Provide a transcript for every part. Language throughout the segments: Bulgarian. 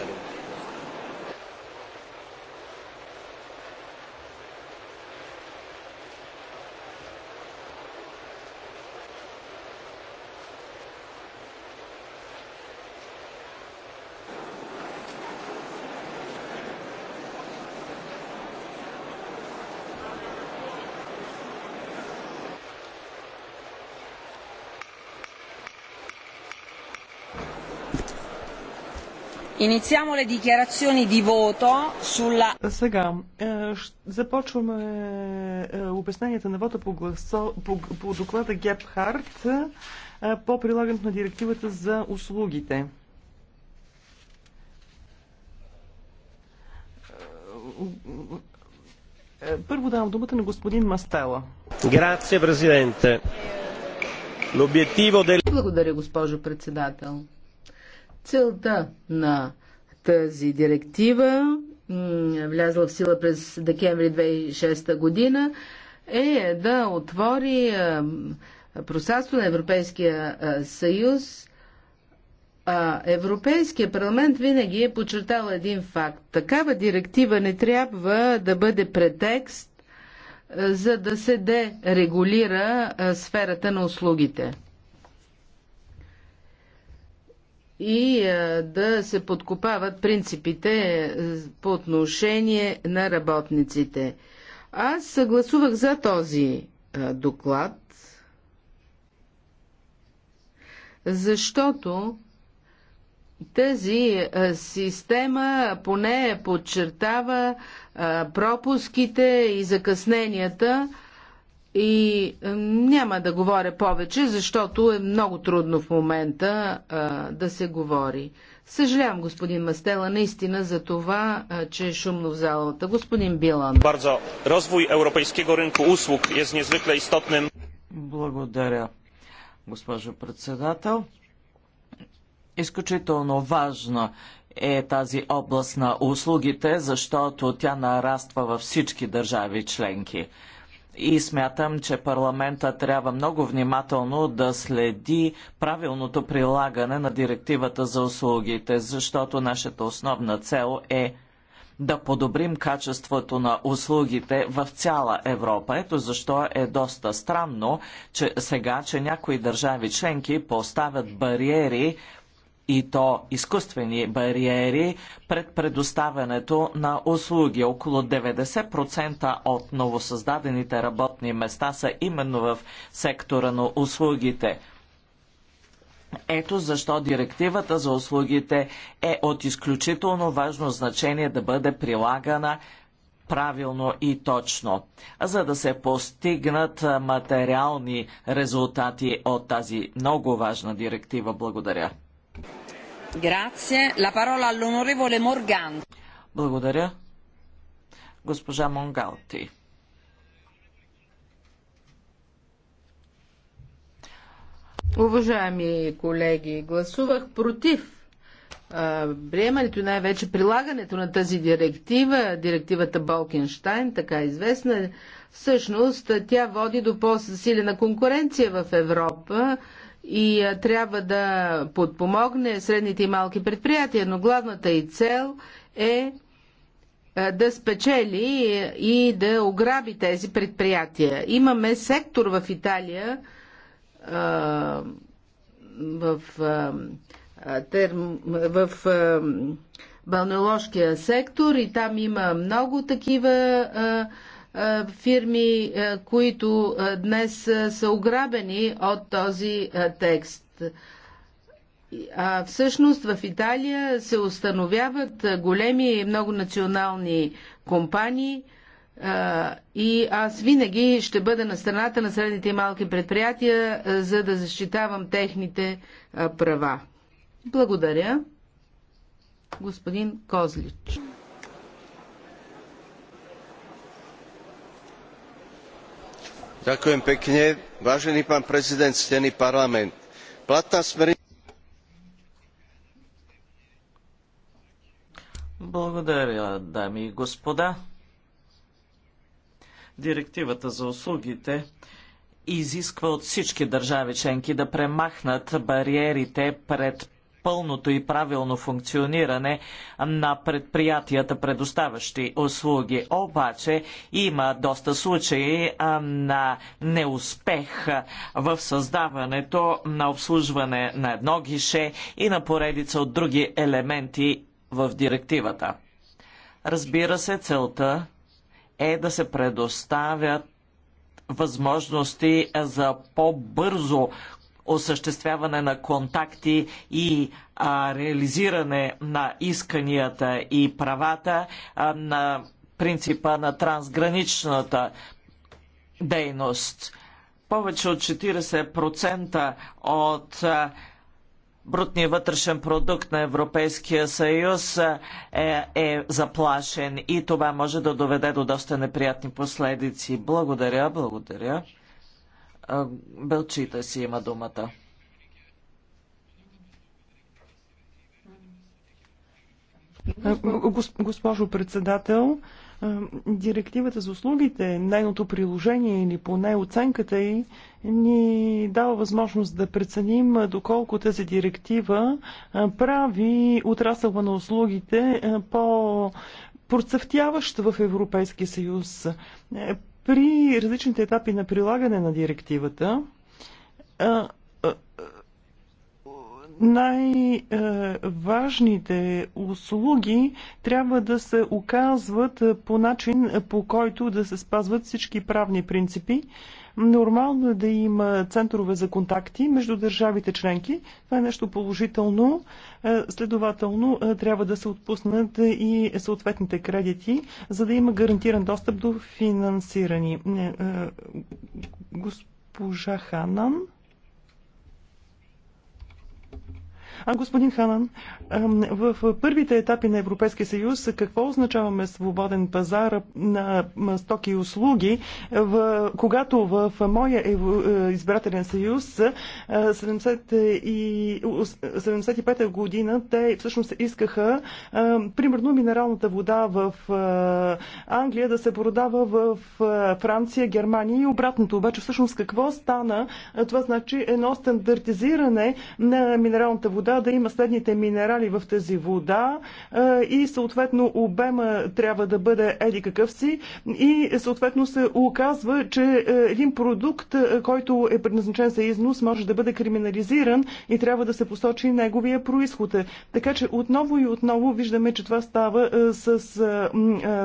ذكرون Iniziamo le dichiarazioni di voto sulla... Сега, е, започваме е, обясненията на вота по, гласо, по, по доклада Гепхарт е, по прилагането на директивата за услугите. Е, първо давам думата на господин Мастела. Грация, президенте. Благодаря, госпожо председател. Целта на тази директива, влязла в сила през декември 2006 година, е да отвори пространство на Европейския съюз. Европейския парламент винаги е подчертал един факт. Такава директива не трябва да бъде претекст за да се дерегулира сферата на услугите. и да се подкопават принципите е, по отношение на работниците. Аз съгласувах за този доклад, защото тази система поне подчертава пропуските и закъсненията, и няма да говоря повече, защото е много трудно в момента а, да се говори. Съжалявам, господин Мастела, наистина за това, а, че е шумно в залата. Господин Билан. Бързо. Развой европейския рынку услуг е незвикле истотен. Благодаря, госпожо председател. Изключително важна е тази област на услугите, защото тя нараства във всички държави членки и смятам, че парламента трябва много внимателно да следи правилното прилагане на директивата за услугите, защото нашата основна цел е да подобрим качеството на услугите в цяла Европа. Ето защо е доста странно, че сега, че някои държави членки поставят бариери и то изкуствени бариери пред предоставянето на услуги. Около 90% от новосъздадените работни места са именно в сектора на услугите. Ето защо директивата за услугите е от изключително важно значение да бъде прилагана правилно и точно, за да се постигнат материални резултати от тази много важна директива. Благодаря. Благодаря. Госпожа Монгалти. Уважаеми колеги, гласувах против приемането, и най-вече прилагането на тази директива, директивата Балкенштайн, така известна, всъщност тя води до по съсилена конкуренция в Европа и трябва да подпомогне средните и малки предприятия, но главната и цел е да спечели и да ограби тези предприятия. Имаме сектор в Италия, в, в, в балнеоложкия сектор и там има много такива фирми, които днес са ограбени от този текст. А всъщност в Италия се установяват големи и многонационални компании и аз винаги ще бъда на страната на средните и малки предприятия, за да защитавам техните права. Благодаря. Господин Козлич. vážený pán prezident ctený parlament platná smernica Благодаря, дами и господа. Директивата за услугите изисква от всички държави членки да премахнат бариерите пред пълното и правилно функциониране на предприятията, предоставящи услуги. Обаче има доста случаи на неуспех в създаването на обслужване на едно гише и на поредица от други елементи в директивата. Разбира се, целта е да се предоставят възможности за по-бързо осъществяване на контакти и а, реализиране на исканията и правата а, на принципа на трансграничната дейност. Повече от 40% от а, брутния вътрешен продукт на Европейския съюз е, е заплашен и това може да доведе до доста неприятни последици. Благодаря, благодаря. Белчита си има думата. Госпожо председател, директивата за услугите, нейното приложение или поне оценката й ни дава възможност да преценим доколко тази директива прави отрасъла на услугите по процъфтяващ в Европейския съюз. Е, при различните етапи на прилагане на директивата, най-важните услуги трябва да се оказват по начин, по който да се спазват всички правни принципи, Нормално е да има центрове за контакти между държавите членки. Това е нещо положително. Е, следователно, е, трябва да се отпуснат и съответните кредити, за да има гарантиран достъп до финансирани. Е, госпожа Ханан. А господин Ханан, в първите етапи на Европейския съюз какво означаваме свободен пазар на стоки и услуги, когато в моя е, избирателен съюз 75-та година те всъщност искаха примерно минералната вода в Англия да се продава в Франция, Германия и обратното. Обаче всъщност какво стана? Това значи едно стандартизиране на минералната вода вода да има следните минерали в тази вода и съответно обема трябва да бъде еди какъв си и съответно се оказва, че един продукт, който е предназначен за износ, може да бъде криминализиран и трябва да се посочи неговия происход. Така че отново и отново виждаме, че това става с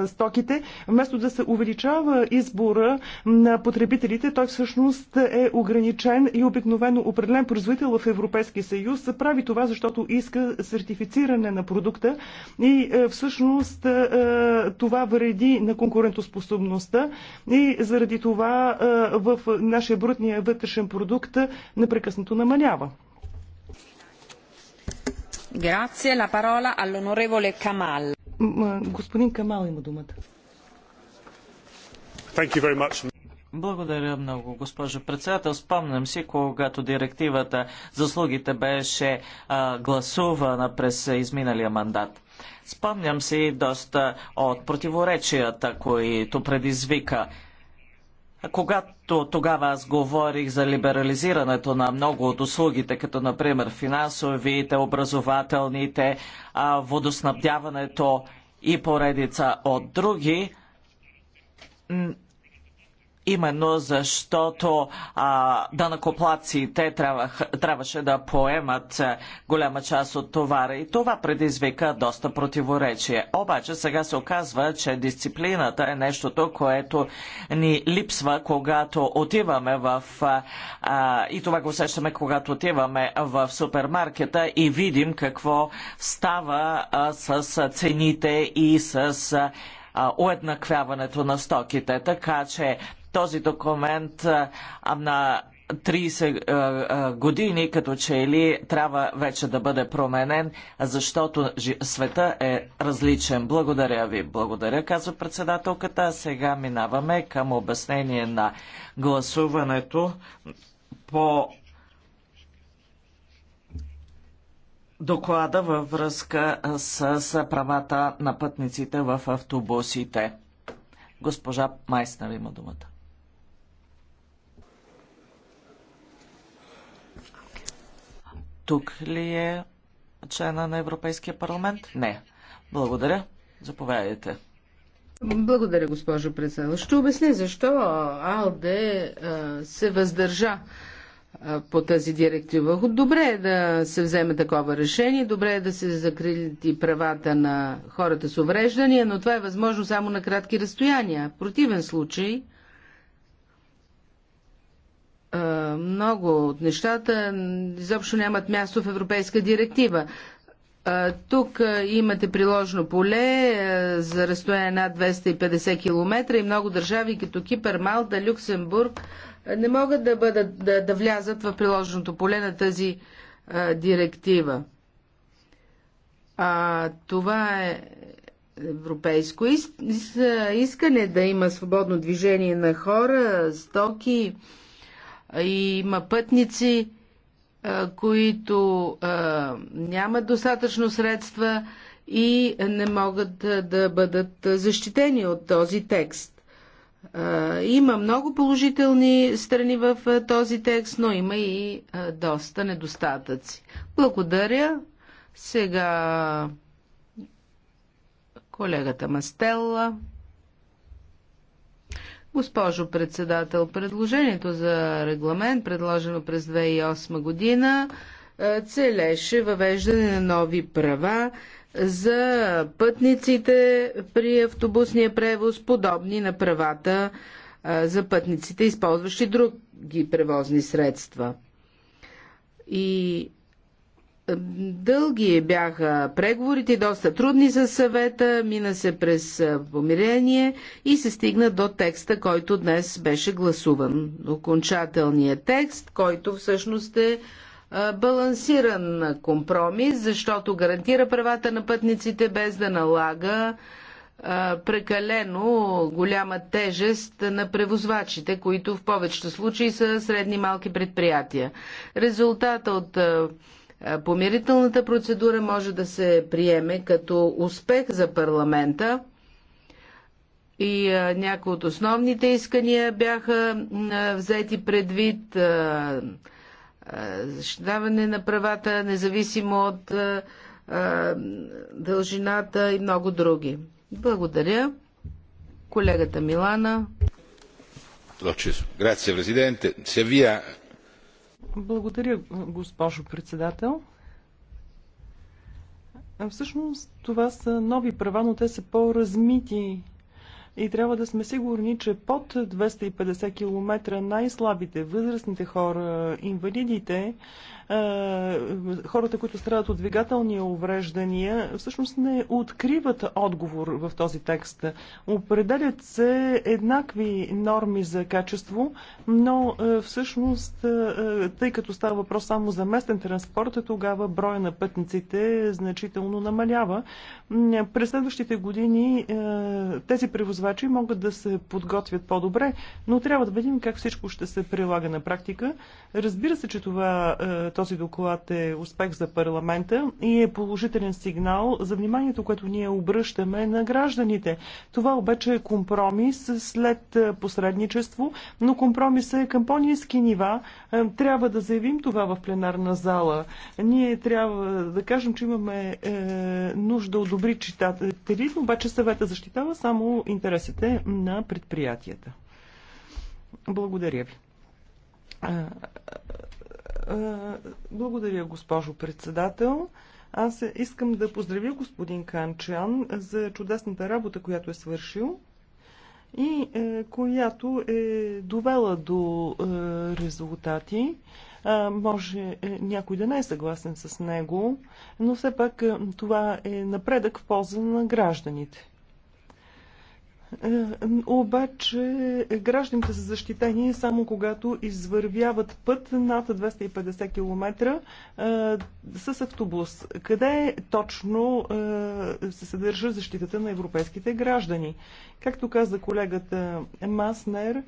стоките. Вместо да се увеличава избора на потребителите, той всъщност е ограничен и обикновено определен производител в Европейския съюз прави това това, защото иска сертифициране на продукта и е, всъщност е, е, това вреди на конкурентоспособността и заради това в нашия брутния вътрешен продукт непрекъснато намалява. Grazie, la parola all'onorevole Kamal. Господин Камал има думата. Thank you very much. Благодаря много, госпожо председател. Спомням си, когато директивата за слугите беше а, гласувана през изминалия мандат. Спомням си доста от противоречията, които предизвика. Когато тогава аз говорих за либерализирането на много от услугите, като например финансовите, образователните, а, водоснабдяването и поредица от други, именно защото а, данакоплаците трябвах, трябваше да поемат голяма част от товара и това предизвика доста противоречие. Обаче сега се оказва, че дисциплината е нещото, което ни липсва, когато отиваме в а, и това го усещаме, когато отиваме в супермаркета и видим какво става а, с цените и с а, уеднаквяването на стоките. Така че този документ на 30 години, като че ли трябва вече да бъде променен, защото света е различен. Благодаря ви. Благодаря, казва председателката. сега минаваме към обяснение на гласуването по доклада във връзка с правата на пътниците в автобусите. Госпожа Майснер има думата. Тук ли е члена на Европейския парламент? Не. Благодаря. Заповядайте. Благодаря, госпожо председател. Ще обясня защо АЛДЕ се въздържа по тази директива. Добре е да се вземе такова решение, добре е да се закрилят и правата на хората с увреждания, но това е възможно само на кратки разстояния. В противен случай е, много от нещата изобщо нямат място в Европейска директива. Е, тук е, имате приложно поле за разстояние над 250 км и много държави като Кипър, Малта, Люксембург не могат да, бъдат, да, да влязат в приложното поле на тази а, директива. А, това е европейско искане да има свободно движение на хора, стоки, и има пътници, които нямат достатъчно средства и не могат да бъдат защитени от този текст. Има много положителни страни в този текст, но има и доста недостатъци. Благодаря. Сега колегата Мастелла. Госпожо председател, предложението за регламент, предложено през 2008 година, е, целеше въвеждане на нови права за пътниците при автобусния превоз, подобни на правата е, за пътниците, използващи други превозни средства. И Дълги бяха преговорите, доста трудни за съвета, мина се през помирение и се стигна до текста, който днес беше гласуван. Окончателният текст, който всъщност е балансиран компромис, защото гарантира правата на пътниците без да налага прекалено голяма тежест на превозвачите, които в повечето случаи са средни малки предприятия. Резултата от Помирителната процедура може да се приеме като успех за парламента и някои от основните искания бяха взети предвид защитаване на правата, независимо от дължината и много други. Благодаря. Колегата Милана. Grazie Presidente. Si avvia благодаря, госпожо председател. Всъщност това са нови права, но те са по-размити и трябва да сме сигурни, че под 250 км най-слабите, възрастните хора, инвалидите, е, хората, които страдат от двигателни увреждания, всъщност не откриват отговор в този текст. Определят се еднакви норми за качество, но е, всъщност, е, тъй като става въпрос само за местен транспорт, тогава броя на пътниците значително намалява. През следващите години тези превозвачи превозвачи могат да се подготвят по-добре, но трябва да видим как всичко ще се прилага на практика. Разбира се, че това, е, този доклад е успех за парламента и е положителен сигнал за вниманието, което ние обръщаме на гражданите. Това обаче е компромис след е, посредничество, но компромисът е към по-низки нива. Е, трябва да заявим това в пленарна зала. Ние трябва да кажем, че имаме нужда от добри читатели, обаче съвета защитава само интерес интересите на предприятията. Благодаря ви. Благодаря, госпожо председател. Аз искам да поздравя господин Канчан за чудесната работа, която е свършил и е, която е довела до е, резултати. може е, някой да не е съгласен с него, но все пак това е напредък в полза на гражданите. Е, обаче гражданите са защитени само когато извървяват път над 250 км е, с автобус. Къде точно е, се съдържа защитата на европейските граждани? Както каза колегата Маснер,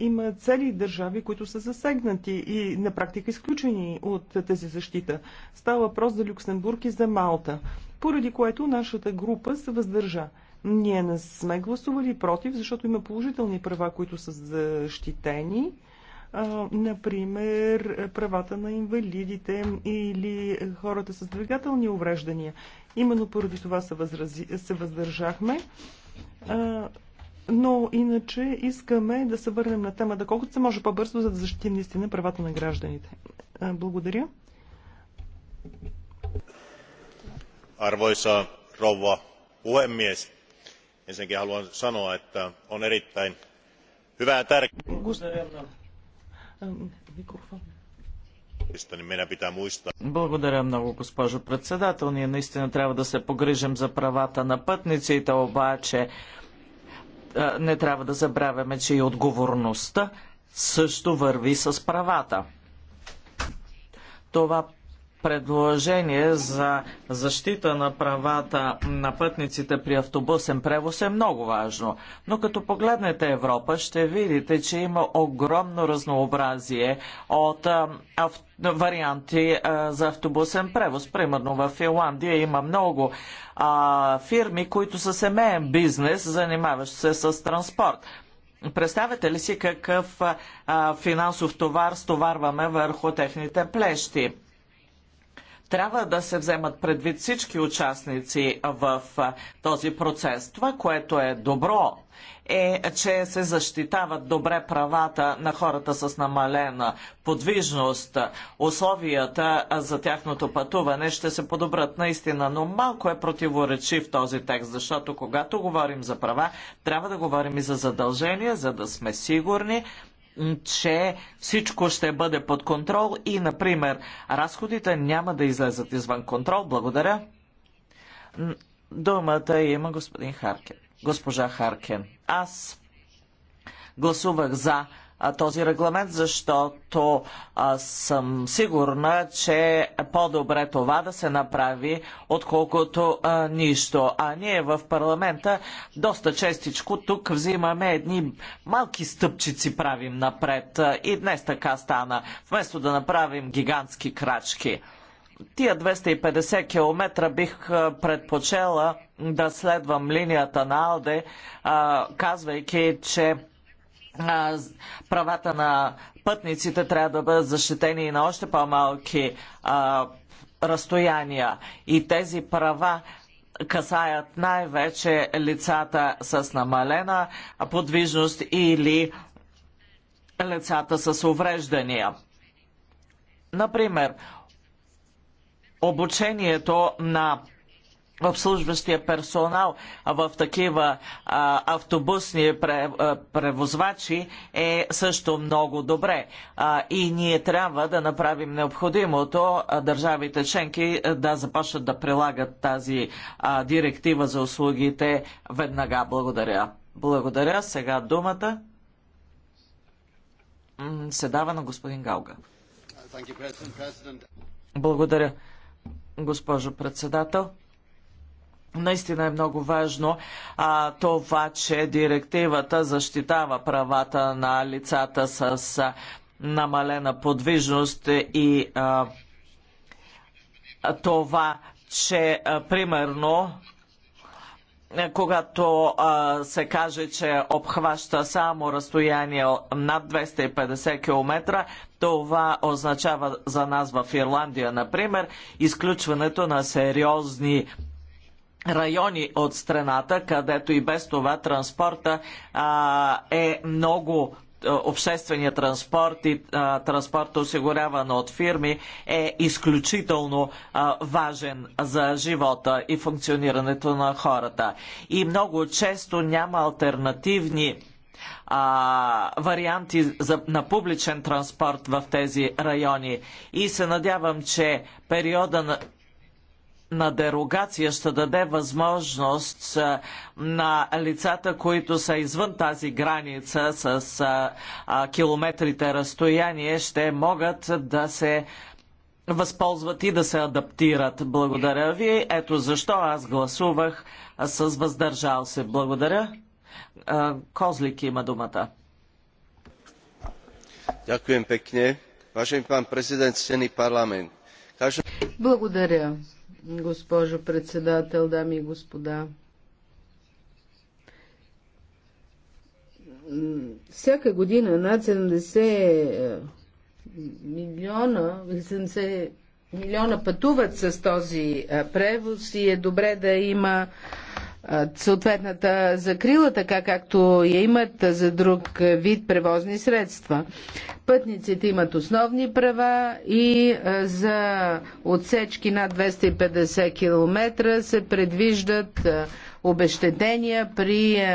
има цели държави, които са засегнати и на практика изключени от тези защита. Става въпрос за Люксембург и за Малта, поради което нашата група се въздържа. Ние не сме гласували против, защото има положителни права, които са защитени. Например, правата на инвалидите или хората с двигателни увреждания. Именно поради това се, възрази, се въздържахме. Но иначе искаме да се върнем на темата колкото се може по-бързо, за да защитим наистина правата на гражданите. Благодаря. Arvoisa rouva puhemies, ensinnäkin haluan sanoa että on erittäin hyvä ja tärkeää Благодаря много, госпожо председател. Ние наистина трябва да се погрижим за правата на пътниците, обаче не трябва да забравяме, че и отговорността също върви с правата. Това предложение за защита на правата на пътниците при автобусен превоз е много важно. Но като погледнете Европа, ще видите, че има огромно разнообразие от ав, варианти а, за автобусен превоз. Примерно в Финландия има много а, фирми, които са семейен бизнес, занимаващ се с транспорт. Представете ли си какъв а, финансов товар стоварваме върху техните плещи? Трябва да се вземат предвид всички участници в този процес. Това, което е добро, е, че се защитават добре правата на хората с намалена подвижност. Условията за тяхното пътуване ще се подобрат наистина, но малко е противоречив този текст, защото когато говорим за права, трябва да говорим и за задължения, за да сме сигурни, че всичко ще бъде под контрол и, например, разходите няма да излезат извън контрол. Благодаря. Думата има господин Харкен. Госпожа Харкен. Аз гласувах за този регламент, защото съм сигурна, че е по-добре това да се направи, отколкото нищо. А ние в парламента доста честичко тук взимаме едни малки стъпчици правим напред. И днес така стана, вместо да направим гигантски крачки тия 250 км бих предпочела да следвам линията на Алде, казвайки, че правата на пътниците трябва да бъдат защитени и на още по-малки разстояния. И тези права касаят най-вече лицата с намалена подвижност или лицата с увреждания. Например, обучението на обслужващия персонал в такива а, автобусни превозвачи е също много добре. А, и ние трябва да направим необходимото държавите членки да започнат да прилагат тази а, директива за услугите веднага. Благодаря. Благодаря. Сега думата се дава на господин Галга. Благодаря, госпожо председател. Наистина е много важно а, това, че директивата защитава правата на лицата с а, намалена подвижност и а, това, че а, примерно когато а, се каже, че обхваща само разстояние над 250 км, това означава за нас в Ирландия, например, изключването на сериозни райони от страната, където и без това транспорта а, е много е, обществения транспорт и а, транспорта осигуряван от фирми е изключително а, важен за живота и функционирането на хората. И много често няма альтернативни а, варианти за, на публичен транспорт в тези райони. И се надявам, че периода на на дерогация ще даде възможност на лицата, които са извън тази граница с километрите разстояние, ще могат да се възползват и да се адаптират. Благодаря ви. Ето защо аз гласувах с въздържал се. Благодаря. Козлик има думата. Благодаря. Благодаря госпожо председател, дами и господа. Всяка година над 70 е, милиона, 70 милиона пътуват с този е, превоз и е добре да има съответната закрила, така както я имат за друг вид превозни средства. Пътниците имат основни права и за отсечки над 250 км се предвиждат обещетения при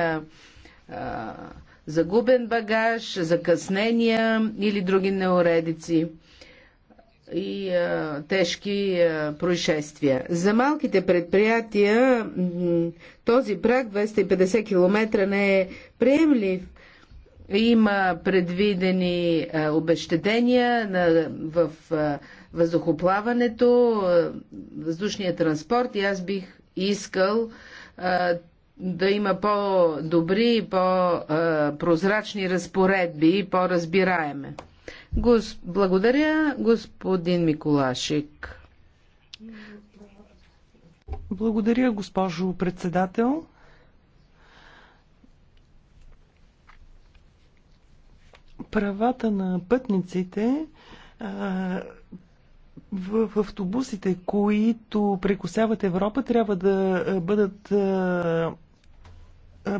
загубен багаж, закъснения или други неуредици и а, тежки а, происшествия. За малките предприятия този праг 250 км не е приемлив. Има предвидени а, обещедения на, в а, въздухоплаването, а, въздушния транспорт и аз бих искал а, да има по-добри, по-прозрачни разпоредби и по-разбираеме. Гос... Благодаря, господин Миколашик. Благодаря, госпожо председател. Правата на пътниците в автобусите, които прекусяват Европа, трябва да бъдат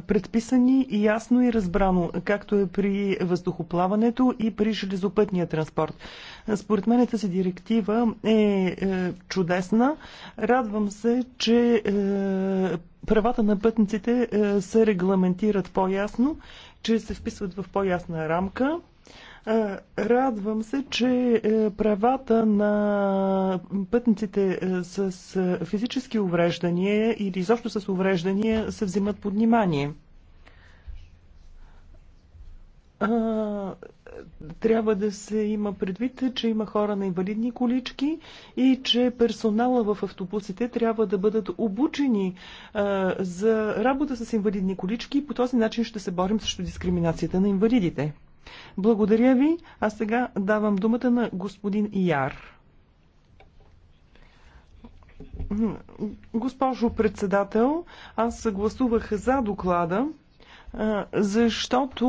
предписани и ясно и разбрано, както е при въздухоплаването и при железопътния транспорт. Според мен тази директива е, е чудесна. Радвам се, че е, правата на пътниците е, се регламентират по-ясно, че се вписват в по-ясна рамка. Радвам се, че е, правата на пътниците е, с е, физически увреждания или изобщо с увреждания се взимат под внимание трябва да се има предвид, че има хора на инвалидни колички и че персонала в автобусите трябва да бъдат обучени за работа с инвалидни колички и по този начин ще се борим срещу дискриминацията на инвалидите. Благодаря ви. А сега давам думата на господин Яр. Госпожо председател, аз съгласувах за доклада защото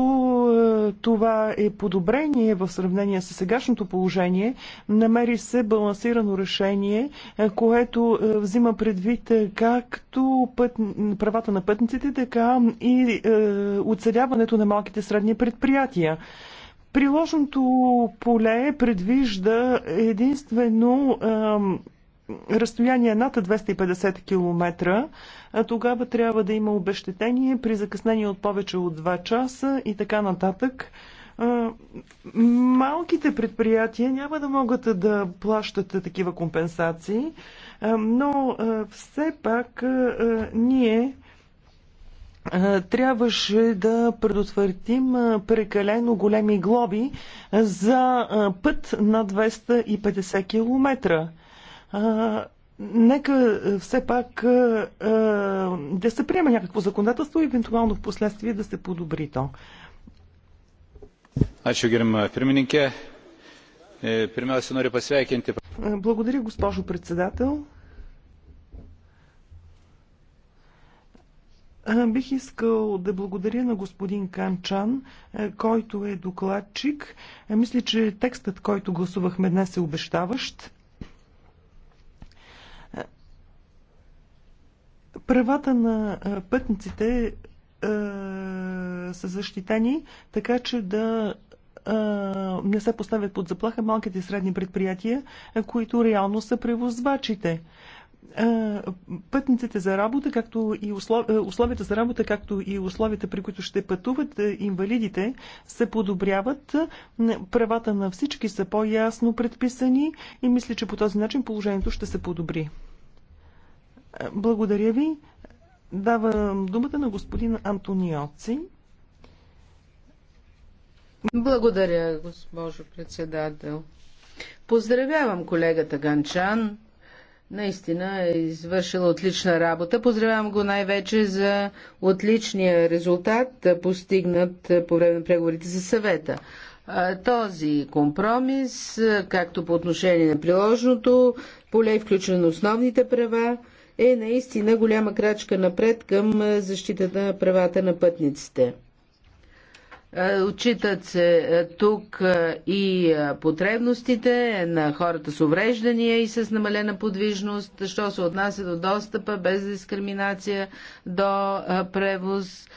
е, това е подобрение в сравнение с сегашното положение. Намери се балансирано решение, е, което е, взима предвид както път, правата на пътниците, така и оцеляването на малките средни предприятия. Приложното поле предвижда единствено разстояние над 250 км а тогава трябва да има обещетение при закъснение от повече от 2 часа и така нататък. Малките предприятия няма да могат да плащат такива компенсации, но все пак ние трябваше да предотвратим прекалено големи глоби за път на 250 км нека е, все пак е, е, да се приема някакво законодателство и евентуално в последствие да се подобри то. Благодаря, госпожо председател. Бих искал да благодаря на господин Канчан, който е докладчик. Мисля, че текстът, който гласувахме днес е обещаващ. Правата на пътниците са защитени, така че да не се поставят под заплаха малките и средни предприятия, които реално са превозвачите. Пътниците за работа, както и услов... условията за работа, както и условията, при които ще пътуват инвалидите, се подобряват. Правата на всички са по-ясно предписани и мисля, че по този начин положението ще се подобри. Благодаря ви. Давам думата на господин Антониоци. Благодаря, госпожо председател. Поздравявам колегата Ганчан. Наистина е извършила отлична работа. Поздравявам го най-вече за отличния резултат, постигнат по време на преговорите за съвета. Този компромис, както по отношение на приложното поле, включено на основните права, е наистина голяма крачка напред към защитата на правата на пътниците. Отчитат се тук и потребностите на хората с увреждания и с намалена подвижност, що се отнася до достъпа без дискриминация до превоз,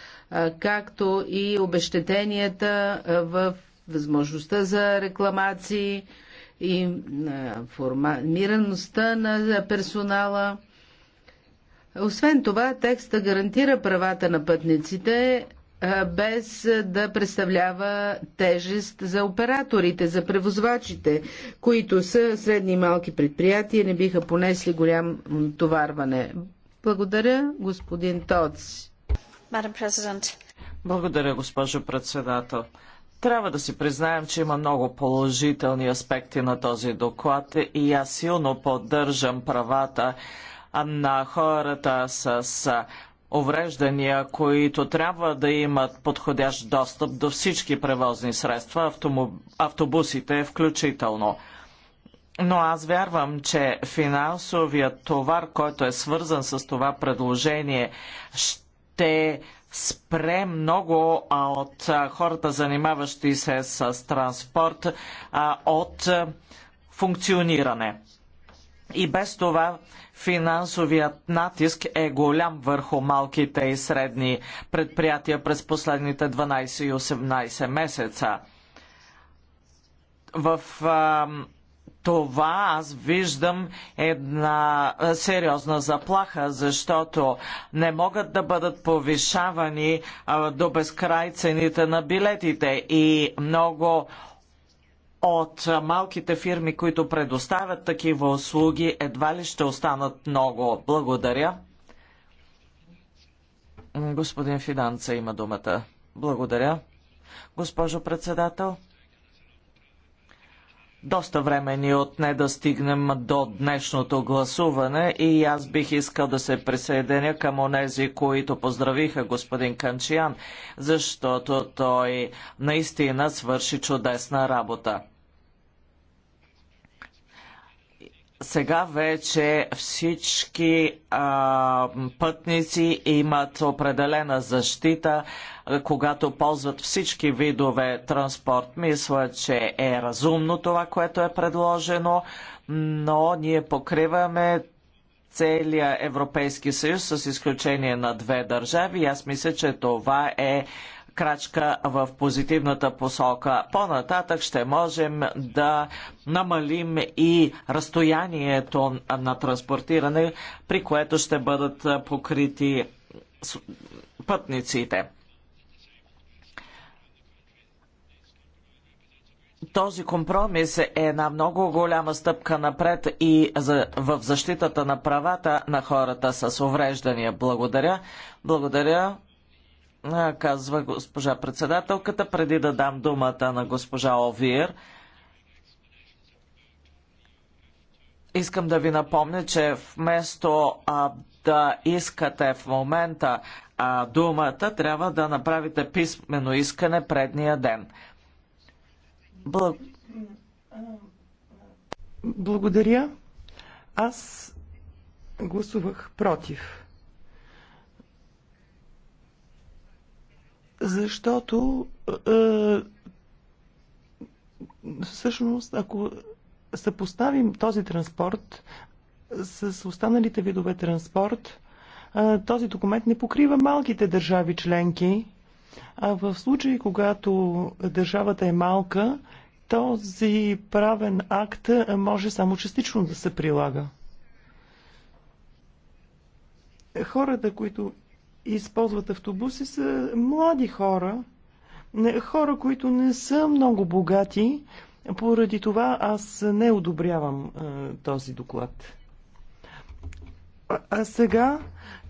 както и обещетенията в възможността за рекламации и информираността на персонала – освен това, текста гарантира правата на пътниците без да представлява тежест за операторите, за превозвачите, които са средни и малки предприятия, не биха понесли голям товарване. Благодаря, господин Тоц. Благодаря, госпожо председател. Трябва да си признаем, че има много положителни аспекти на този доклад и аз силно поддържам правата на хората с увреждания, които трябва да имат подходящ достъп до всички превозни средства, автобусите включително. Но аз вярвам, че финансовият товар, който е свързан с това предложение, ще спре много от хората, занимаващи се с транспорт, от функциониране. И без това финансовият натиск е голям върху малките и средни предприятия през последните 12 и 18 месеца. В а, това аз виждам една сериозна заплаха, защото не могат да бъдат повишавани а, до безкрай цените на билетите и много от малките фирми, които предоставят такива услуги, едва ли ще останат много. Благодаря. Господин Фиданца има думата. Благодаря. Госпожо председател, доста време ни е отне да стигнем до днешното гласуване и аз бих искал да се присъединя към онези, които поздравиха господин Канчиян, защото той наистина свърши чудесна работа. сега вече всички а, пътници имат определена защита, когато ползват всички видове транспорт. Мисля, че е разумно това, което е предложено, но ние покриваме целия Европейски съюз с изключение на две държави. Аз мисля, че това е крачка в позитивната посока. По-нататък ще можем да намалим и разстоянието на транспортиране, при което ще бъдат покрити пътниците. Този компромис е една много голяма стъпка напред и за, в защитата на правата на хората с увреждания. Благодаря. Благодаря казва госпожа председателката, преди да дам думата на госпожа Овиер. Искам да ви напомня, че вместо а, да искате в момента а, думата, трябва да направите писмено искане предния ден. Благ... Благодаря. Аз гласувах против. защото е, всъщност, ако съпоставим този транспорт с останалите видове транспорт, е, този документ не покрива малките държави членки. А в случай, когато държавата е малка, този правен акт може само частично да се прилага. Хората, които използват автобуси са млади хора, хора, които не са много богати. Поради това аз не одобрявам а, е, този доклад. А, а сега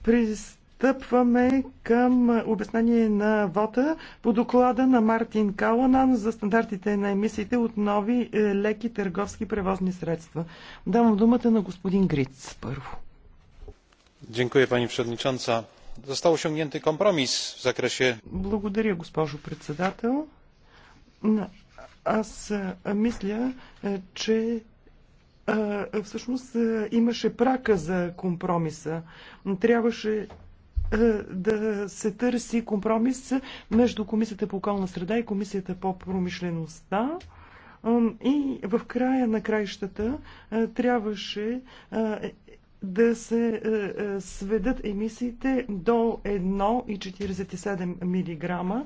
пристъпваме към обяснение на вота по доклада на Мартин Каланан за стандартите на емисиите от нови е, леки търговски превозни средства. Давам думата на господин Гриц първо. Дякую, пани председателка. Został osiągnięty kompromis w zakresie. Благодаря, госпожо председател. Аз е, мисля, е, че е, всъщност имаше прака за компромиса. Трябваше да се търси компромис между Комисията по околна среда и Комисията по промишлеността. И в края на краищата трябваше да се е, е, сведат емисиите до 1,47 мг.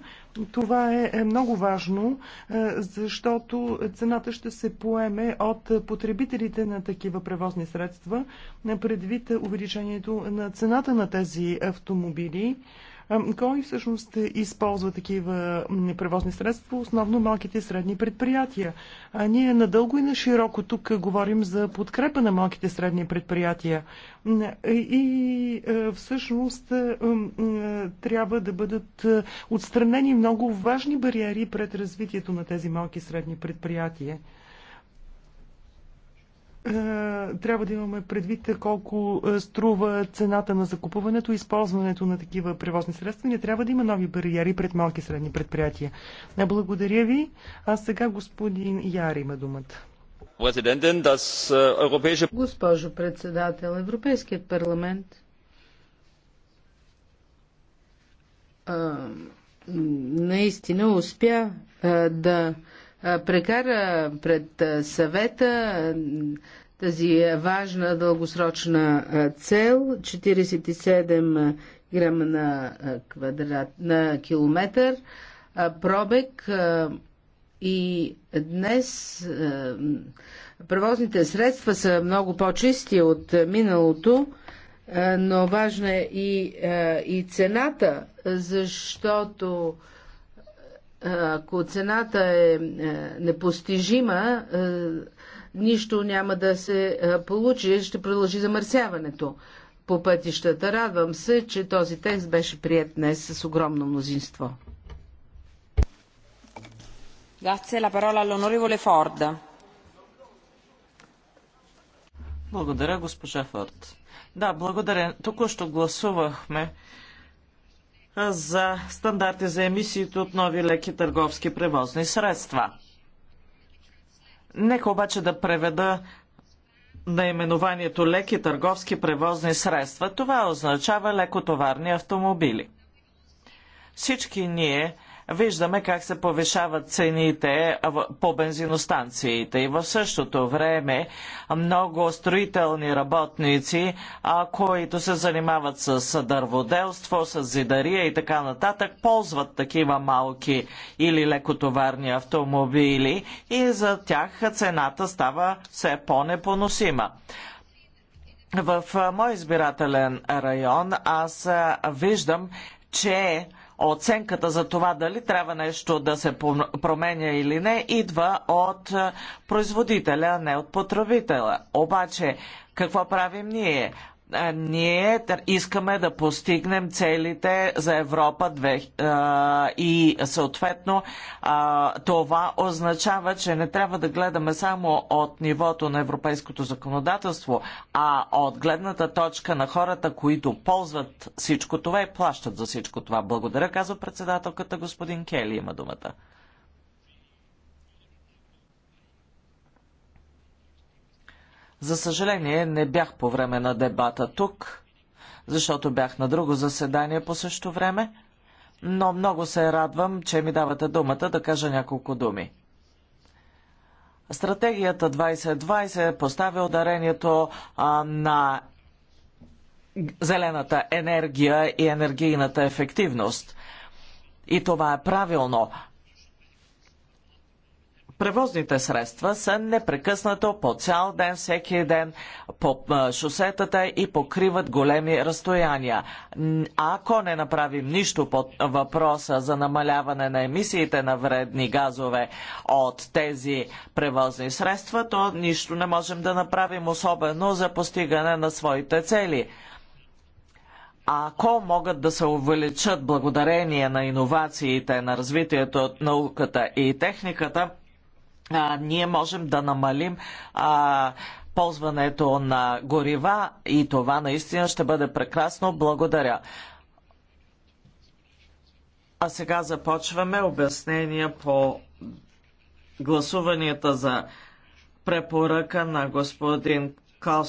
Това е, е много важно, защото цената ще се поеме от потребителите на такива превозни средства, предвид увеличението на цената на тези автомобили. Кой всъщност използва такива превозни средства? Основно малките и средни предприятия. А ние надълго и на широко тук говорим за подкрепа на малките и средни предприятия. И всъщност трябва да бъдат отстранени много важни бариери пред развитието на тези малки и средни предприятия трябва да имаме предвид колко струва цената на закупуването и използването на такива превозни средства. Не трябва да има нови бариери пред малки и средни предприятия. Благодаря ви. А сега господин Яри има думата. Госпожо председател, Европейският парламент а, наистина успя а, да прекара пред съвета тази важна дългосрочна цел 47 грама на, квадрат, на километър пробег и днес превозните средства са много по-чисти от миналото, но важна е и, и цената, защото ако цената е, е непостижима, е, нищо няма да се е, получи, ще продължи замърсяването по пътищата. Радвам се, че този текст беше прият днес с огромно мнозинство. Благодаря, госпожа Форд. Да, благодаря. Току-що гласувахме за стандарти за емисиите от нови леки търговски превозни средства. Нека обаче да преведа наименованието леки търговски превозни средства. Това означава лекотоварни автомобили. Всички ние виждаме как се повишават цените по бензиностанциите. И в същото време много строителни работници, които се занимават с дърводелство, с зидария и така нататък, ползват такива малки или лекотоварни автомобили и за тях цената става все по-непоносима. В мой избирателен район аз виждам, че оценката за това дали трябва нещо да се променя или не, идва от е, производителя, а не от потребителя. Обаче, какво правим ние? ние искаме да постигнем целите за Европа а, и съответно това означава, че не трябва да гледаме само от нивото на европейското законодателство, а от гледната точка на хората, които ползват всичко това и плащат за всичко това. Благодаря, казва председателката господин Кели има думата. За съжаление, не бях по време на дебата тук, защото бях на друго заседание по същото време, но много се радвам, че ми давате думата да кажа няколко думи. Стратегията 2020 е поставя ударението а, на зелената енергия и енергийната ефективност. И това е правилно превозните средства са непрекъснато по цял ден, всеки ден по шосетата и покриват големи разстояния. Ако не направим нищо по въпроса за намаляване на емисиите на вредни газове от тези превозни средства, то нищо не можем да направим, особено за постигане на своите цели. А ако могат да се увеличат благодарение на иновациите, на развитието от науката и техниката, а, ние можем да намалим а, ползването на горива и това наистина ще бъде прекрасно. Благодаря. А сега започваме обяснения по гласуванията за препоръка на господин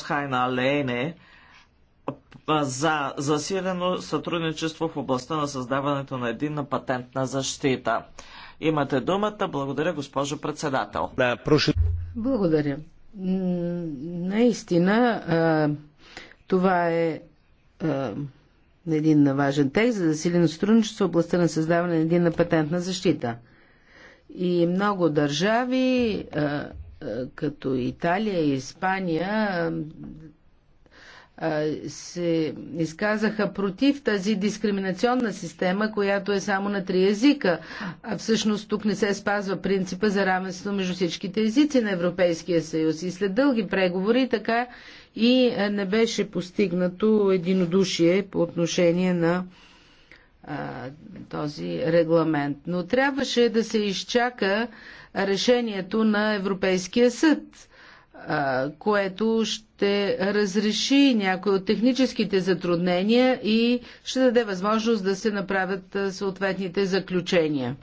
Хайна Лейне за засилено сътрудничество в областта на създаването на единна патентна защита. Имате думата. Благодаря, госпожо председател. Благодаря. Наистина, това е един важен текст за засилено сътрудничество в областта на създаване на единна патентна защита. И много държави, като Италия и Испания, се изказаха против тази дискриминационна система, която е само на три езика. А всъщност тук не се спазва принципа за равенство между всичките езици на Европейския съюз. И след дълги преговори така и не беше постигнато единодушие по отношение на а, този регламент. Но трябваше да се изчака решението на Европейския съд което ще разреши някои от техническите затруднения и ще даде възможност да се направят съответните заключения.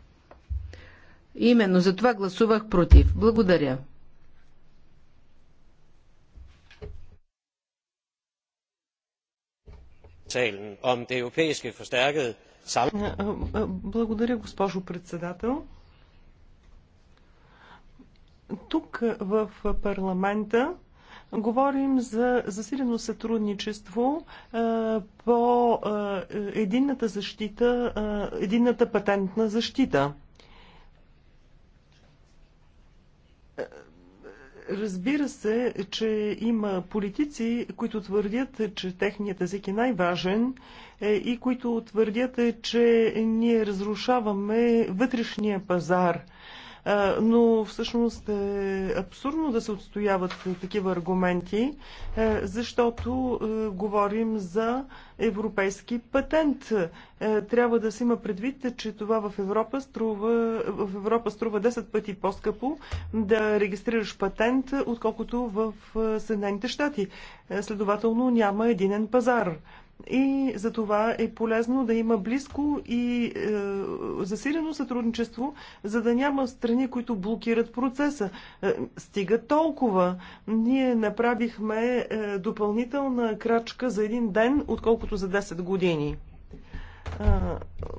Именно за това гласувах против. Благодаря. Благодаря, госпожо председател. Тук в парламента говорим за засилено сътрудничество по единната защита, единната патентна защита. Разбира се, че има политици, които твърдят, че техният език е най-важен е, и които твърдят, че ние разрушаваме вътрешния пазар – но всъщност е абсурдно да се отстояват такива аргументи, е, защото е, говорим за европейски патент. Е, трябва да се има предвид, че това в Европа струва, в Европа струва 10 пъти по-скъпо да регистрираш патент, отколкото в Съединените щати. Следователно няма единен пазар и за това е полезно да има близко и е, засилено сътрудничество, за да няма страни, които блокират процеса. Е, стига толкова. Ние направихме е, допълнителна крачка за един ден, отколкото за 10 години. Е,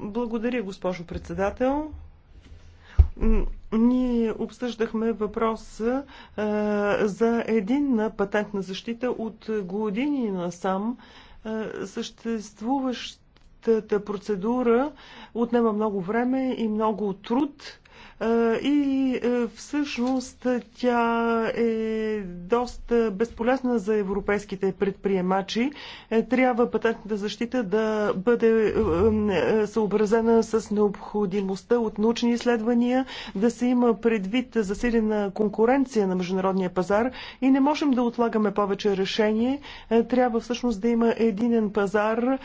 благодаря, госпожо председател ние обсъждахме въпроса а, е, за патент патентна защита от години насам е, съществуващата процедура отнема много време и много труд и е, всъщност тя е доста безполезна за европейските предприемачи. Е, трябва патентната защита да бъде е, съобразена с необходимостта от научни изследвания, да се има предвид засилена конкуренция на международния пазар и не можем да отлагаме повече решение. Трябва всъщност да има единен пазар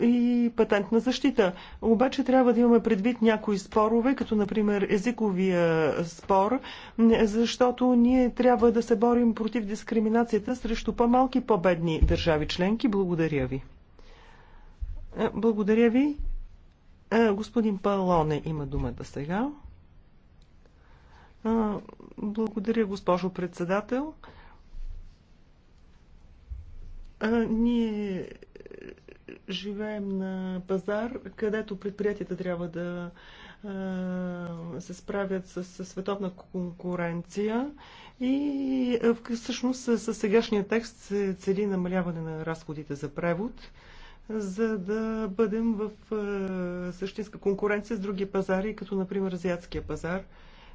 и патентна защита. Обаче трябва да имаме предвид някои спорове, като например език езиковия спор, защото ние трябва да се борим против дискриминацията срещу по-малки, по-бедни държави членки. Благодаря ви. Е, благодаря ви. Е, господин Палоне има думата сега. Е, благодаря, госпожо председател. Ние живеем на пазар, където предприятията трябва да е, се справят с, с световна конкуренция и е, всъщност с, с сегашния текст се цели намаляване на разходите за превод, за да бъдем в е, същинска конкуренция с други пазари, като например азиатския пазар.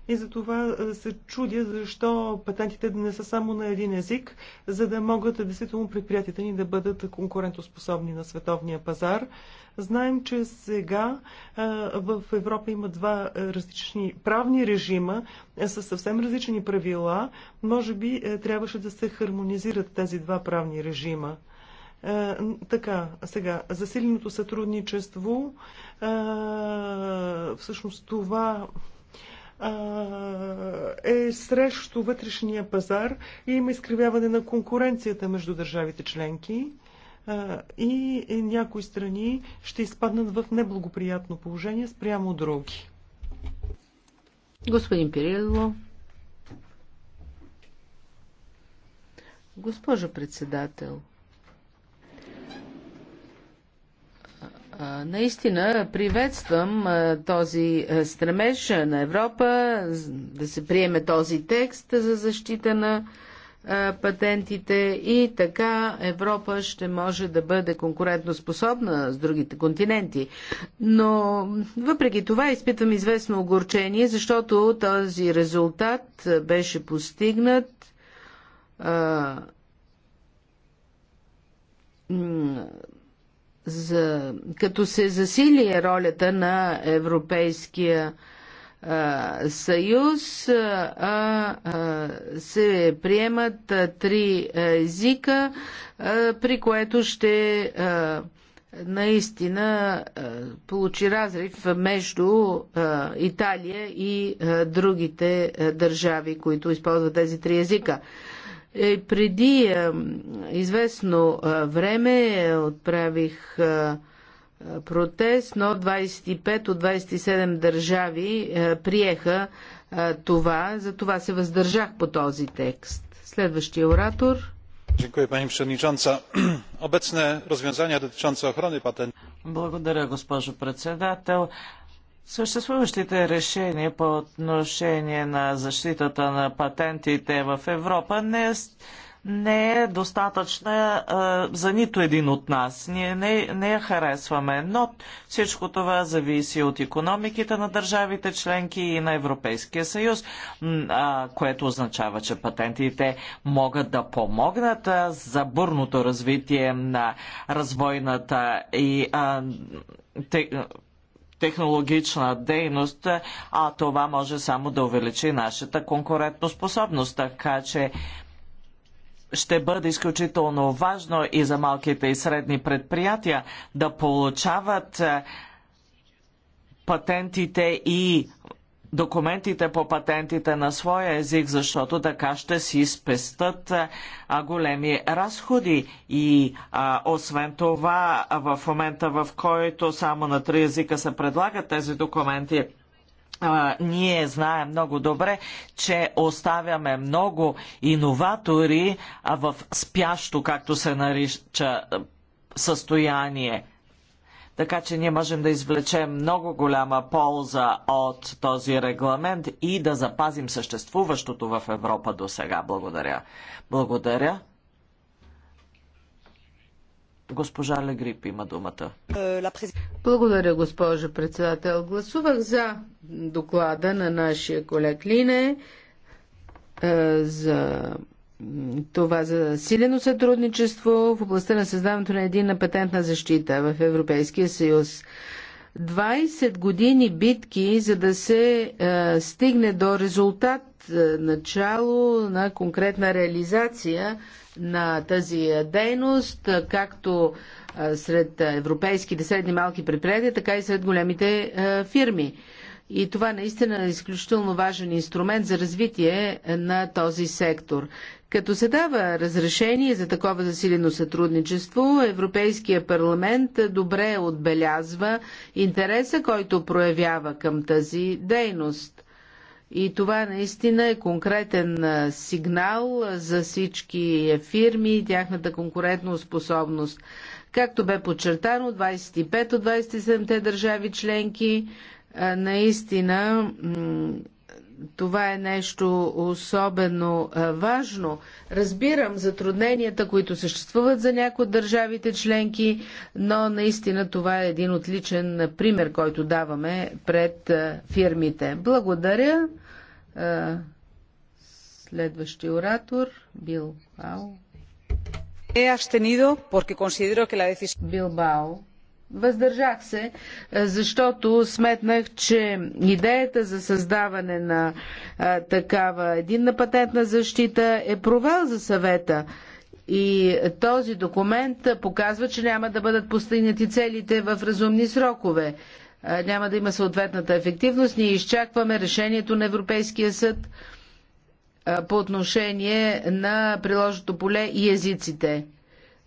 И за това се чудя защо патентите не са само на един език, за да могат действително предприятията ни да бъдат конкурентоспособни на световния пазар. Знаем, че сега в Европа има два различни правни режима е, с съвсем различни правила. Може би е, трябваше да се хармонизират тези два правни режима е, така, сега, засиленото сътрудничество, всъщност това е срещу вътрешния пазар и има изкривяване на конкуренцията между държавите членки и някои страни ще изпаднат в неблагоприятно положение спрямо други. Господин Пирило. Госпожо председател, Наистина приветствам този стремеж на Европа да се приеме този текст за защита на патентите и така Европа ще може да бъде конкурентоспособна с другите континенти. Но въпреки това изпитвам известно огорчение, защото този резултат беше постигнат а, за, като се засили ролята на Европейския а, съюз, а, а, се приемат а, три а, езика, а, при което ще а, наистина а, получи разрив между а, Италия и а, другите а, държави, които използват тези три езика. Е, преди известно време отправих протест, но 25 от 27 държави приеха това, за това се въздържах по този текст. Следващия оратор. Благодаря, госпожо председател. Съществуващите решения по отношение на защитата на патентите в Европа не, е не е достатъчна а, за нито един от нас. Ние не, не я харесваме, но всичко това зависи от економиките на държавите членки и на Европейския съюз, а, което означава, че патентите могат да помогнат а, за бурното развитие на развойната и. А, те, технологична дейност, а това може само да увеличи нашата конкурентоспособност. Така че ще бъде изключително важно и за малките и средни предприятия да получават е, патентите и документите по патентите на своя език, защото така ще си спестат а, големи разходи. И а, освен това, в момента в който само на три езика се предлагат тези документи, а, ние знаем много добре, че оставяме много иноватори в спящо, както се нарича, състояние. Така че ние можем да извлечем много голяма полза от този регламент и да запазим съществуващото в Европа до сега. Благодаря. Благодаря. Госпожа Легрип има думата. Благодаря, госпожо председател. Гласувах за доклада на нашия колег Лине е, за това за силено сътрудничество в областта на създаването на един патентна защита в Европейския съюз. 20 години битки, за да се е, стигне до резултат, е, начало на конкретна реализация на тази дейност, както е, сред европейските средни малки предприятия, така и сред големите е, фирми. И това наистина е изключително важен инструмент за развитие на този сектор. Като се дава разрешение за такова засилено сътрудничество, Европейския парламент добре отбелязва интереса, който проявява към тази дейност. И това наистина е конкретен сигнал за всички фирми и тяхната конкурентна способност. Както бе подчертано, 25 от 27-те държави членки Наистина, това е нещо особено важно. Разбирам затрудненията, които съществуват за някои от държавите членки, но наистина това е един отличен пример, който даваме пред фирмите. Благодаря. Следващия оратор Бил Бао. Бил Бао. Въздържах се, е, защото сметнах, че идеята за създаване на а, е, такава единна патентна защита е провал за съвета. И този документ показва, че няма да бъдат постигнати целите в разумни срокове. А, е, няма да има съответната ефективност. Ние изчакваме решението на Европейския съд а, по отношение на приложното поле и езиците.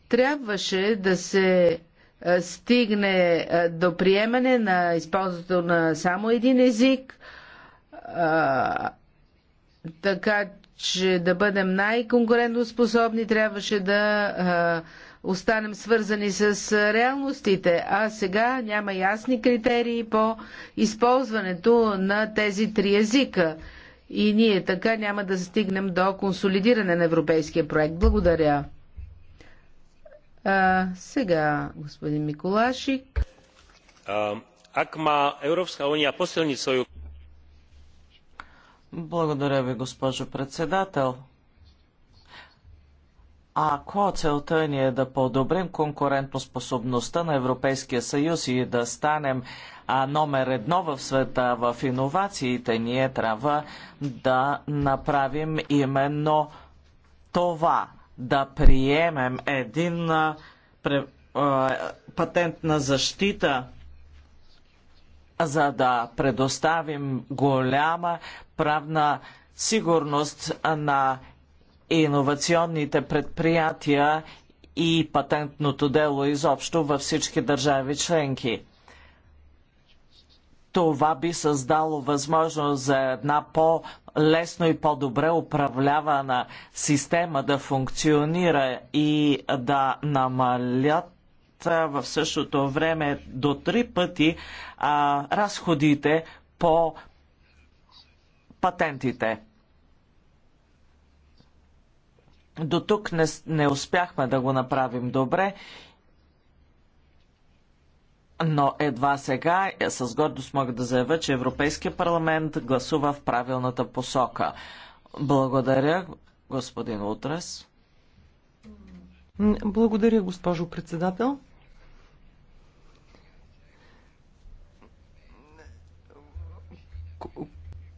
Трябваше да се е, стигне е, до приемане на използването на само един език, е, така че да бъдем най-конкурентоспособни, трябваше да останем свързани с реалностите, а сега няма ясни критерии по използването на тези три езика. И ние така няма да стигнем до консолидиране на европейския проект. Благодаря. А, сега, господин Миколашик. Ак ма Европска уния посилни свою... Благодаря ви, госпожо председател. Ако целта ни е да подобрим конкурентоспособността на Европейския съюз и да станем а, номер едно в света в иновациите, ние трябва да направим именно това да приемем един патент на защита, за да предоставим голяма правна сигурност на иновационните предприятия и патентното дело изобщо във всички държави членки. Това би създало възможност за една по- лесно и по-добре управлявана система да функционира и да намалят в същото време до три пъти а, разходите по патентите. До тук не, не успяхме да го направим добре но едва сега е, с гордост мога да заявя, че Европейския парламент гласува в правилната посока. Благодаря, господин Утрес. Благодаря, госпожо председател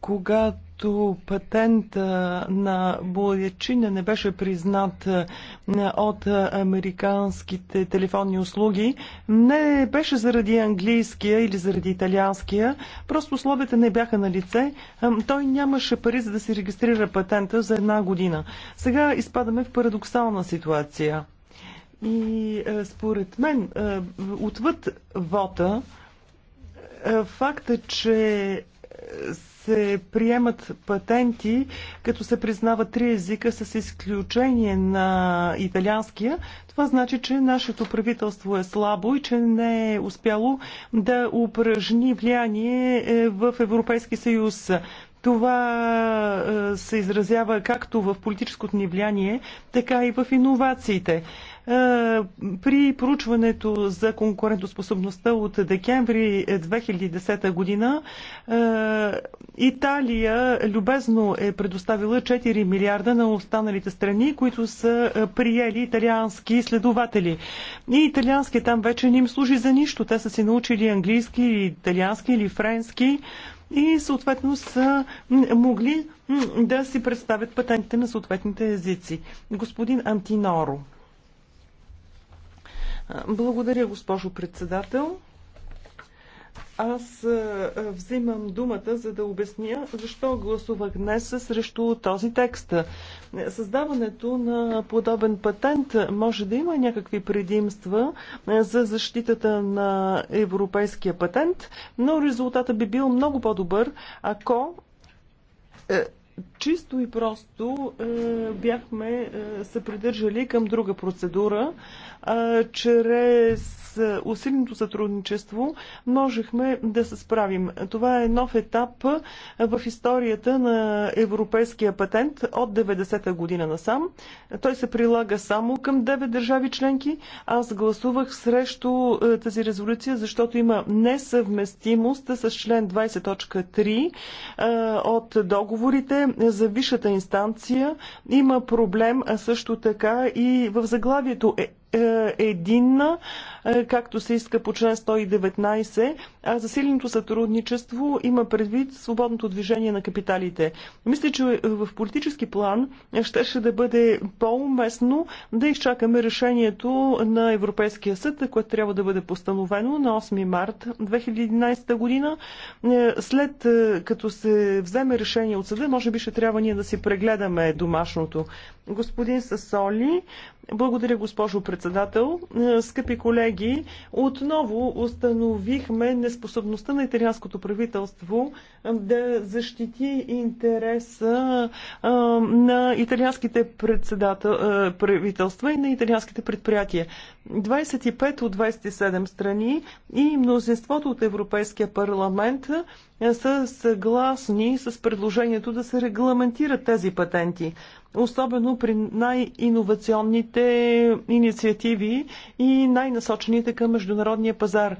когато патента на Боячина не беше признат е, от американските телефонни услуги, не беше заради английския или заради италианския, просто условията не бяха на лице. Е, той нямаше пари за да се регистрира патента за една година. Сега изпадаме в парадоксална ситуация. И е, според мен, отвъд вота, факта, че се приемат патенти, като се признават три езика с изключение на италианския, това значи, че нашето правителство е слабо и че не е успяло да упражни влияние е, в Европейски съюз. Това е, се изразява както в политическото ни влияние, така и в иновациите. Е, при проучването за конкурентоспособността от декември 2010 година е, Италия любезно е предоставила 4 милиарда на останалите страни, които са е, приели италиански следователи. И италиански там вече не им служи за нищо. Те са си научили английски, или италиански или френски и съответно са могли да си представят патентите на съответните езици. Господин Антиноро. Благодаря, госпожо председател. Аз е, е, взимам думата, за да обясня защо гласувах днес срещу този текст. Създаването на подобен патент може да има някакви предимства е, за защитата на европейския патент, но резултата би бил много по-добър, ако чисто и просто е, бяхме е, се придържали към друга процедура, е, чрез с е, усиленото сътрудничество можехме да се справим. Това е нов етап в историята на европейския патент от 90-та година насам. Той се прилага само към 9 държави членки. Аз гласувах срещу е, тази резолюция, защото има несъвместимост с член 20.3 е, от договорите за висшата инстанция. Има проблем също така и в заглавието е е, единна, е, както се иска по член 119, а засиленото сътрудничество има предвид свободното движение на капиталите. Мисля, че е, в политически план щеше ще да бъде по-уместно да изчакаме решението на Европейския съд, което трябва да бъде постановено на 8 март 2011 година. След като се вземе решение от съда, може би ще трябва ние да си прегледаме домашното. Господин Сасоли, благодаря, госпожо председател. Е, скъпи колеги, отново установихме неспособността на италианското правителство е, да защити интереса е, на италианските председател... правителства и на италианските предприятия. 25 от 27 страни и мнозинството от Европейския парламент е, са съгласни с предложението да се регламентират тези патенти, особено при най-инновационните инициативи и най-насочените към международния пазар.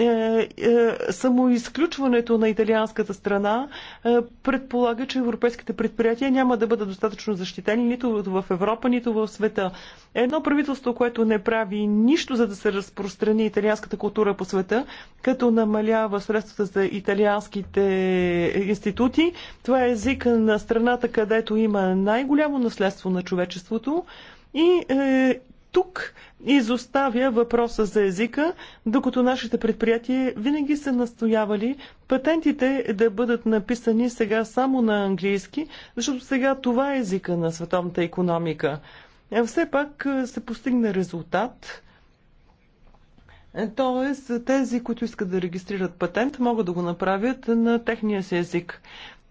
Е, е, самоизключването на италианската страна е, предполага, че европейските предприятия няма да бъдат достатъчно защитени нито в Европа, нито в света. Едно правителство, което не прави нищо за да се разпространи италианската култура по света, като намалява средствата за италианските институти, това е език на страната, където има най-голямо наследство на човечеството и е, тук изоставя въпроса за езика, докато нашите предприятия винаги са настоявали патентите да бъдат написани сега само на английски, защото сега това е езика на световната економика. Все пак се постигна резултат. Тоест, тези, които искат да регистрират патент, могат да го направят на техния си език.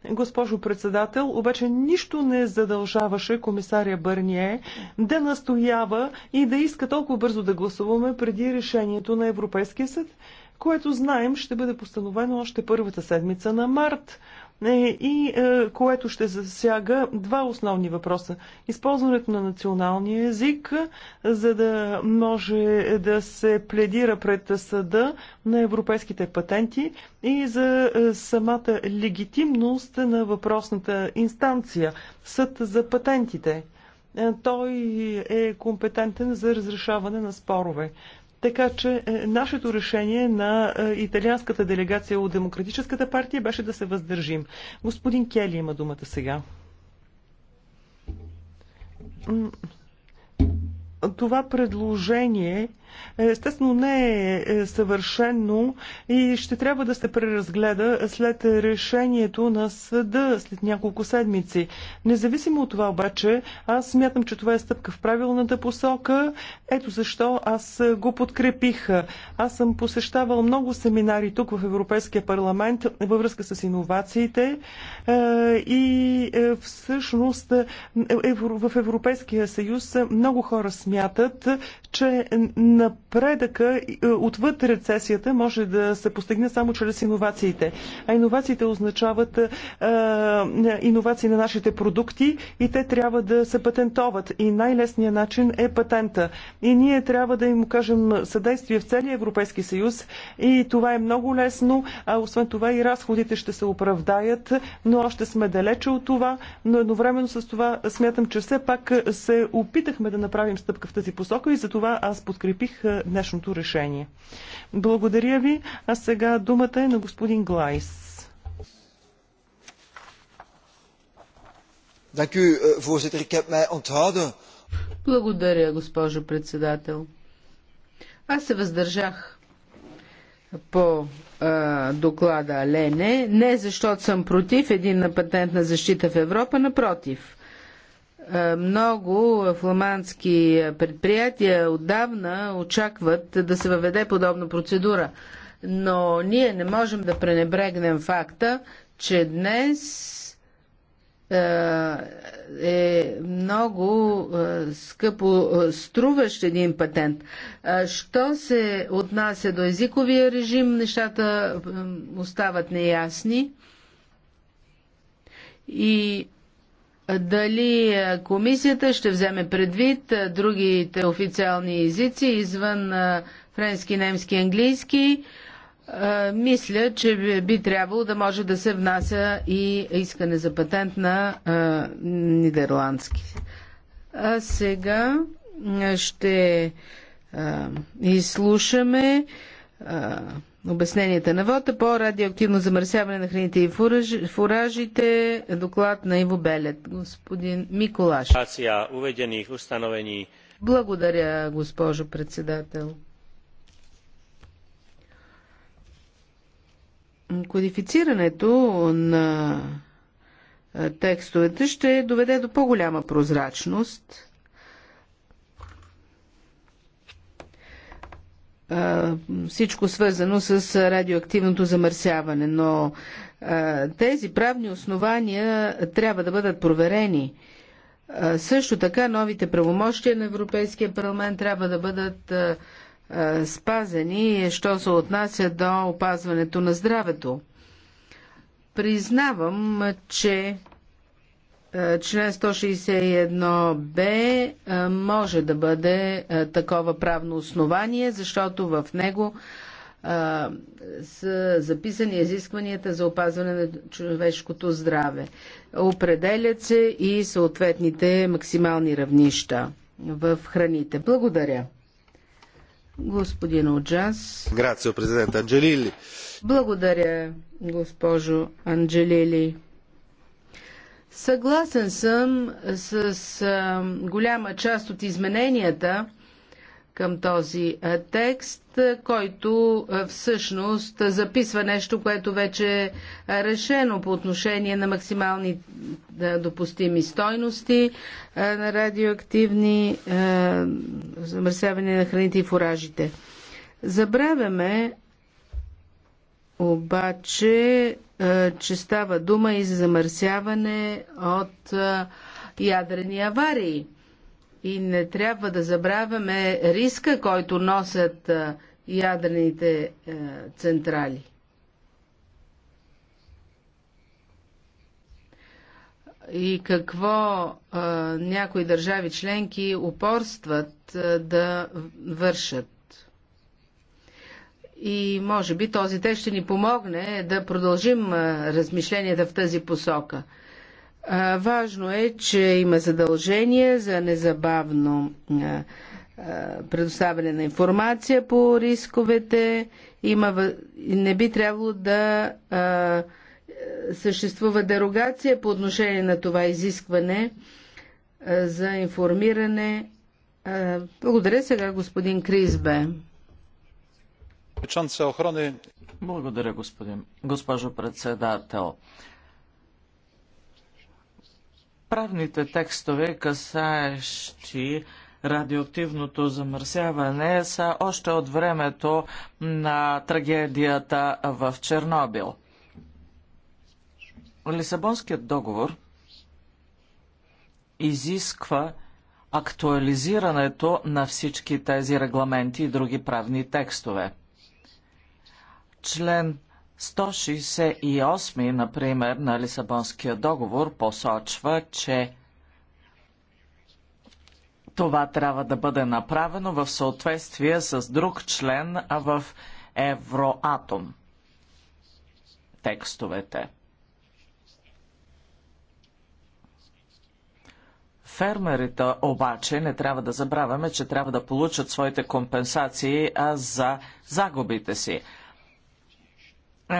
Госпожо председател, обаче нищо не задължаваше комисаря Бърние да настоява и да иска толкова бързо да гласуваме преди решението на Европейския съд, което знаем ще бъде постановено още първата седмица на март. Е, и е, което ще засяга два основни въпроса. Използването на националния език, за да може да се пледира пред съда на европейските патенти и за е, самата легитимност на въпросната инстанция, съд за патентите. Той е компетентен за разрешаване на спорове. Така че е, нашето решение на е, италианската делегация от Демократическата партия беше да се въздържим. Господин Кели има думата сега. Това предложение естествено не е съвършено и ще трябва да се преразгледа след решението на съда след няколко седмици. Независимо от това обаче, аз смятам, че това е стъпка в правилната посока. Ето защо аз го подкрепих. Аз съм посещавал много семинари тук в Европейския парламент във връзка с иновациите е, и е, всъщност е, в Европейския съюз много хора смятат, че на Напредъка е, отвъд рецесията може да се постигне само чрез иновациите. А иновациите означават е, е, иновации на нашите продукти и те трябва да се патентоват. И най-лесният начин е патента. И ние трябва да им окажем съдействие в целия Европейски съюз. И това е много лесно. А освен това и разходите ще се оправдаят, но още сме далече от това. Но едновременно с това смятам, че все пак се опитахме да направим стъпка в тази посока и за това аз подкрепих подкрепих днешното решение. Благодаря ви. А сега думата е на господин Глайс. Eh, Благодаря, госпожо председател. Аз се въздържах по а, доклада Лене, не защото съм против един на патентна защита в Европа, напротив. Е, много фламандски предприятия отдавна очакват да се въведе подобна процедура. Но ние не можем да пренебрегнем факта, че днес е, е много е, скъпо струващ един патент. Що се отнася до езиковия режим, нещата остават неясни. И дали е, комисията ще вземе предвид е, другите официални езици извън е, френски, немски, английски? Мисля, че би трябвало да може да се внася и искане за патент на нидерландски. А сега ще изслушаме обясненията на вода по радиоактивно замърсяване на храните и фуражите. Доклад на Иво Белет. Господин Миколаш. Благодаря, госпожо председател. Кодифицирането на текстовете ще доведе до по-голяма прозрачност всичко свързано с радиоактивното замърсяване, но тези правни основания трябва да бъдат проверени. Също така новите правомощия на Европейския парламент трябва да бъдат спазени, що се отнася до опазването на здравето. Признавам, че е, член 161б е, може да бъде е, такова правно основание, защото в него са записани изискванията за опазване на човешкото здраве. Определят се и съответните максимални равнища в храните. Благодаря. Господин Оджас. Грацио, президент Анджелили. Благодаря, госпожо Анджелили. Съгласен съм с а, голяма част от измененията към този а, текст, който а, всъщност записва нещо, което вече е решено по отношение на максимални а, допустими стойности а, на радиоактивни а, замърсявания на храните и фуражите. Забравяме обаче е, че става дума и за замърсяване от е, ядрени аварии. И не трябва да забравяме риска, който носят е, ядрените централи. И какво някои държави членки упорстват да вършат. И може би този те ще ни помогне да продължим размишленията в тази посока. Важно е, че има задължение за незабавно предоставяне на информация по рисковете. Има, не би трябвало да а, съществува дерогация по отношение на това изискване а, за информиране. А, благодаря сега господин Кризбе. Благодаря, господин. госпожо председател. Правните текстове, касаещи радиоактивното замърсяване, са още от времето на трагедията в Чернобил. Лисабонският договор изисква актуализирането на всички тези регламенти и други правни текстове. Член 168, например, на Лисабонския договор посочва, че това трябва да бъде направено в съответствие с друг член в Евроатом. Текстовете. Фермерите обаче не трябва да забравяме, че трябва да получат своите компенсации за загубите си.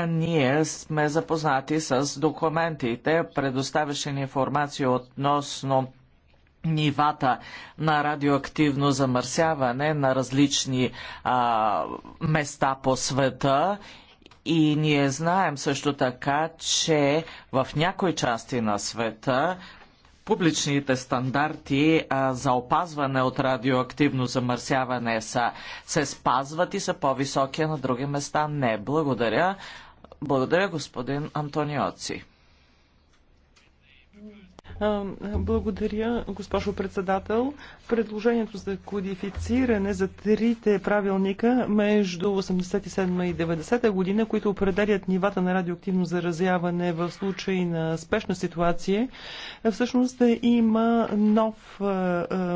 Ние сме запознати с документите, предоставяше ни информация относно нивата на радиоактивно замърсяване на различни а, места по света и ние знаем също така, че в някои части на света Публичните стандарти а, за опазване от радиоактивно замърсяване са, се спазват и са по-високи, а на други места не. Благодаря. Благодаря, господин Антониоци. Благодаря, госпожо председател. Предложението за кодифициране за трите правилника между 87 и 90 година, които определят нивата на радиоактивно заразяване в случай на спешна ситуация, всъщност има нов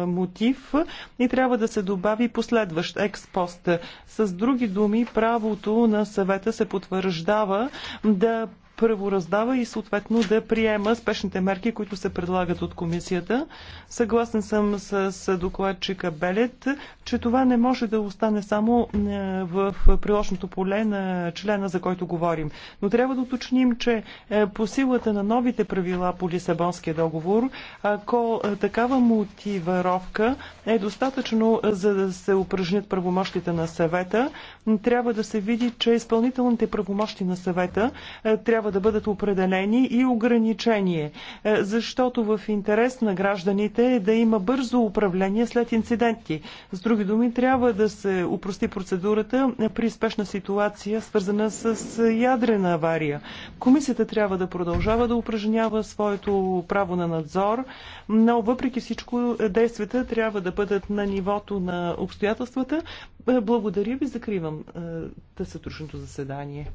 мотив и трябва да се добави последващ експост. С други думи, правото на съвета се потвърждава да първо раздава и съответно да приема спешните мерки, които се предлагат от комисията. Съгласен съм с докладчика Белет, че това не може да остане само е, в приложното поле на члена, за който говорим. Но трябва да уточним, че е, по силата на новите правила по Лисабонския договор, ако е, такава мотивировка е достатъчно за да се упражнят правомощите на съвета, трябва да се види, че изпълнителните правомощи на съвета трябва трябва да бъдат определени и ограничение, е, защото в интерес на гражданите е да има бързо управление след инциденти. С други думи, трябва да се упрости процедурата при спешна ситуация, свързана с ядрена авария. Комисията трябва да продължава да упражнява своето право на надзор, но въпреки всичко действията трябва да бъдат на нивото на обстоятелствата. Благодаря ви, закривам е, тъсътрушното заседание.